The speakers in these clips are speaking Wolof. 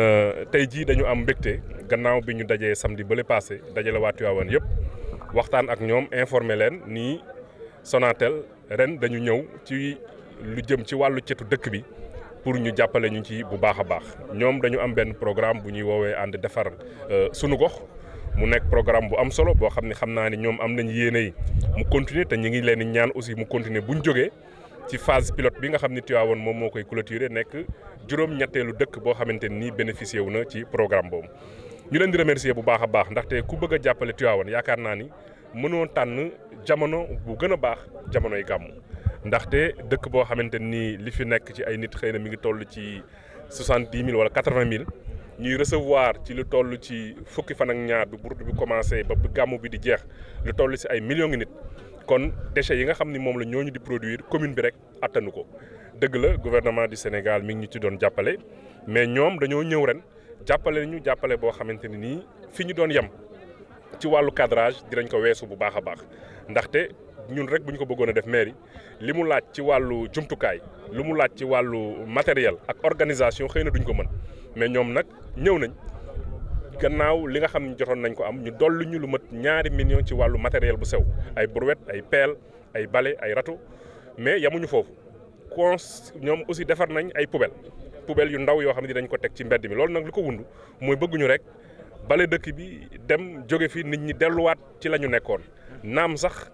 Euh, tey jii dañu am mbégte gannaaw bi ñu dajee samdi bële passé dajale waa Tivaouane yëpp waxtaan ak ñoom informé leen nii Sonatel ren dañu ñëw ci lu jëm ci wàllu cetu dëkk bi pour ñu jàppale ñu ci bu baax a baax ñoom dañu am benn programme bu ñuy woowee ànd defar euh, sunu gox mu nekk programme bu am solo boo xam ne xam naa ne ñoom am nañ yéene yi mu continuer te ñu ngi leen ñaan aussi mu continuer bu ñu jógee. ci phase pilote bi nga xam ni Tivaouane moom moo koy clôturer nekk juróom-ñetteelu dëkk boo xamante ni bénéficié wu na ci programme boobu. ñu leen di remercier bu baax a baax ndaxte ku bëgg a jàppale Tivaouane yaakaar naa ni mënoo tànn jamono bu gën a baax jamonoy gàmmu ndaxte dëkk boo xamante ni li fi nekk ci ay nit xëy na mi ngi toll ci soixante dix mille wala quatre vingt mille ñuy recevoir ci lu toll ci fukki fan ak ñaar bi burdu bi commencé ba bi gàmmu bi di jeex lu toll ci ay millions ngi nit. kon déchets yi nga xam ni moom la ñoo ñu di produire commune bi rek attanu ko dëgg la gouvernement du Sénégal mi ngi ñu ci doon jàppale mais ñoom dañoo ñëw ren jàppale ñu jàppale boo xamante ni nii fi ñu doon yem ci wàllu cadrage dinañ ko weesu bu baax a baax ndaxte ñun rek bu ñu ko bëggoon a def mairie li mu laaj ci wàllu jumtukaay li mu laaj ci wàllu matériel ak organisation xëy na duñ ko mën mais ñoom nag ñëw nañ. gannaaw li nga xam ne jotoon nañ ko am ñu dollu ñu lu mat ñaari millions ci wàllu matériel bu sew ay brouette ay pelle ay bale ay râteau mais yamuñu foofu con ñoom aussi defar nañ ay poubelle poubelle yu ndaw yoo xam ne dañ ko teg ci mbedd mi loolu nag li ko wund mooy bëgguñu rek bale dëkk bi dem jóge fi nit ñi delluwaat ci la ñu nekkoon naam sax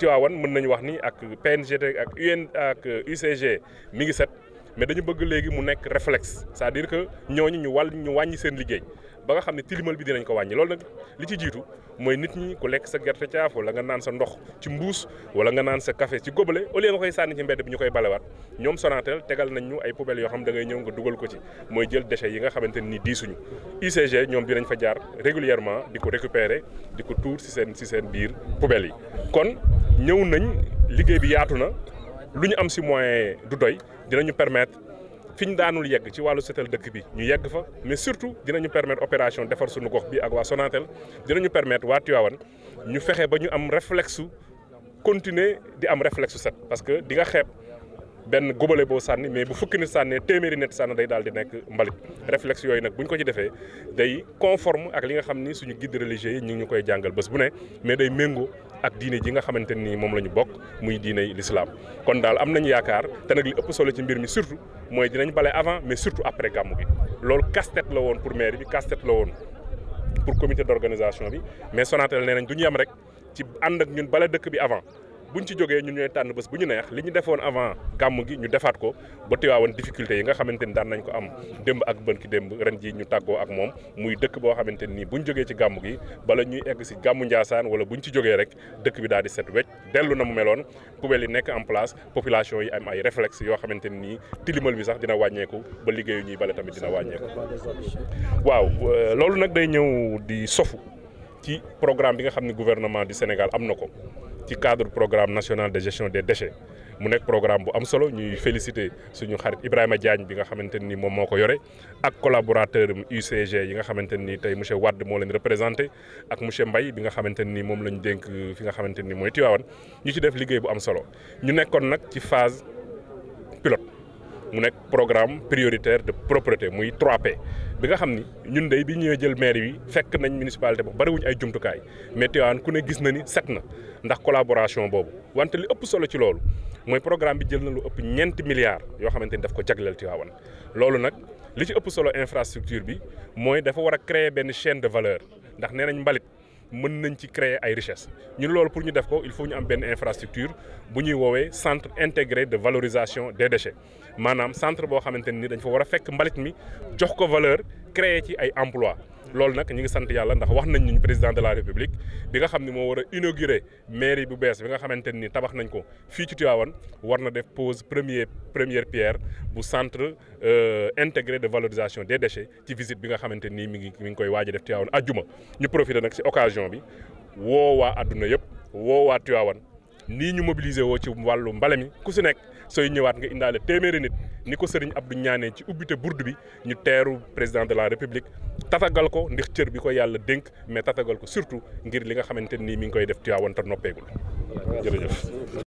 Tiwaawan mën nañu wax ni ak PNGT ak UN ak UCG mi ngi set mais dañu bëgg léegi mu nekk réflexe c'est-à-dire que ñooñu ñu wàll ñu wàññi seen liggéey ba nga xam ne tilimal bi dinañ ko wàññi loolu nag li ci jiitu mooy nit ñi ku lekk sa gerte caaf wala nga naan sa ndox ci mbuus wala nga naan sa café ci gobale au lieu nga koy sànni ci mbedd bi ñu koy balewaat ñoom Sonatel tegal nañ ñu ay poubelles yoo xam da ngay ñëw nga dugal ko ci mooy jël déchets yi nga xamante ni diisuñu UCG ñoom dinañ fa jaar régulièrement di ko récupérer di ko tuur si seen si seen biir poubelles yi kon ñëw nañ liggéey bi yaatu na lu ñu am si moyen du doy dinañu fi ñu daanul yegg ci wàllu setal dëkk bi ñu yegg fa mais surtout dinañu permettre opération defar suñu gox bi ak waa Sonatel dinañu permettre waa Tivaouane ñu fexe ba ñu am réflexe continuer di am réflexe set parce que di nga xeeb benn gubale boo sànni mais bu fukki nit sànnee téeméeri nit sànn day daal di nekk mbalit réflexe yooyu nag bu ñu ko ci defee day conforme ak li nga xam ni suñu guide religieux yi ñu ngi ñu koy jàngal bés bu ne mais day méngoo ak diine ji nga xamante ni moom la ñu bokk muy diine lislaam kon daal am nañu yaakaar te nag li ëpp solo ci mbir mi surtout mooy dinañ bale avant mais surtout après gàmmu gi loolu casse-tête la woon pour maire bi casse-tête la woon pour comité d'organisation bi mais Sonatel nee nañ du ñu yem rek ci ànd ak ñun bala dëkk bi avant bu buñ ci jógee ñu ñooy tànn bés bu ñu neex li ñu defoon avant gàmm gi ñu defaat ko ba Tiwaawan difficulté yi nga xamante ni daan nañ ko am démb ak bën ki démb ren ji ñu tàggoo ak moom muy dëkk boo xamante bu buñ jógee ci gàmm gi bala ñuy egg si gàmmu Njaasaan wala buñ ci jógee rek dëkk bi daal di set wecc dellu na mu meloon poubelle yi nekk en place population yi am ay réflexe yoo xamante ni tilimal bi sax dina wàññeeku ba liggéeyu ñuy bala tamit dina wàññeeku waaw euh, loolu nag day ñëw di sofu ci programme bi nga xam ne gouvernement du Sénégal am na ko ci cadre programme national de gestion de déchets mu nekk programme bu am solo ñuy féliciter suñu xarit Ibrahima jaañ bi nga xamante ni moom moo ko yore ak collaborateur am UCG yi nga xamante ni tey monsieur Wade moo leen représenté ak monsieur Mbaye bi nga xamante ni moom lañu dénk fi nga xamante ni mooy Tivaouane ñu ci def liggéey bu am solo ñu nekkoon nag ci phase pilote. mu nekk programme prioritaire de propreté muy 3P bi nga xam ni ñun day bi ñëwee jël maire yi fekk nañ municipalité ba bariwuñ ay jumtukaay mais Tivaouane ku ne gis na ni set na ndax collaboration boobu wante li ëpp solo ci loolu mooy programme bi jël na lu ëpp ñeenti milliards yoo xamante ni daf ko jagleel Tivaouane loolu nag li ci ëpp solo infrastructure bi mooy dafa war a créer benn chaine de valeur ndax nee nañ mbalit mën nañ ci créer ay richesse ñu loolu pour ñu def ko il faut ñu am benn infrastructure bu ñuy woowee centre intégré de valorisation des déchets maanaam centre boo xamante ni dañ fa war a fekk mbalit mi jox ko valeur créer ci ay emploi loolu nag ñu ngi sant yàlla ndax wax nañ ñu président de la république bi nga xam ne moo war a inauguré mairie bu bees bi nga xamante ni tabax nañ ko fii ci Tivaouane war na def pose premier première pierre bu centre euh, intégré de valorisation des déchets ci visite bi nga xamante ni mi ngi mi ngi koy waaj a def Tivaouane ajjuma ñu profité nag si occasion bi woo waa àdduna yëpp woo waa Tivaouane nii ñu mobiliser woo ci wàllu mbale mi ku si nekk. sooy ñëwaat nga indaale téeméeri nit ni ko sëriñ Abdou ñaanee ci ubbite burdu bi ñu teeru président de la république tatagal ko ndax cër bi ko yàlla dénk mais tatagal ko surtout ngir li nga xamante nii mi ngi koy def Tiwaawan te noppeegul jërëjëf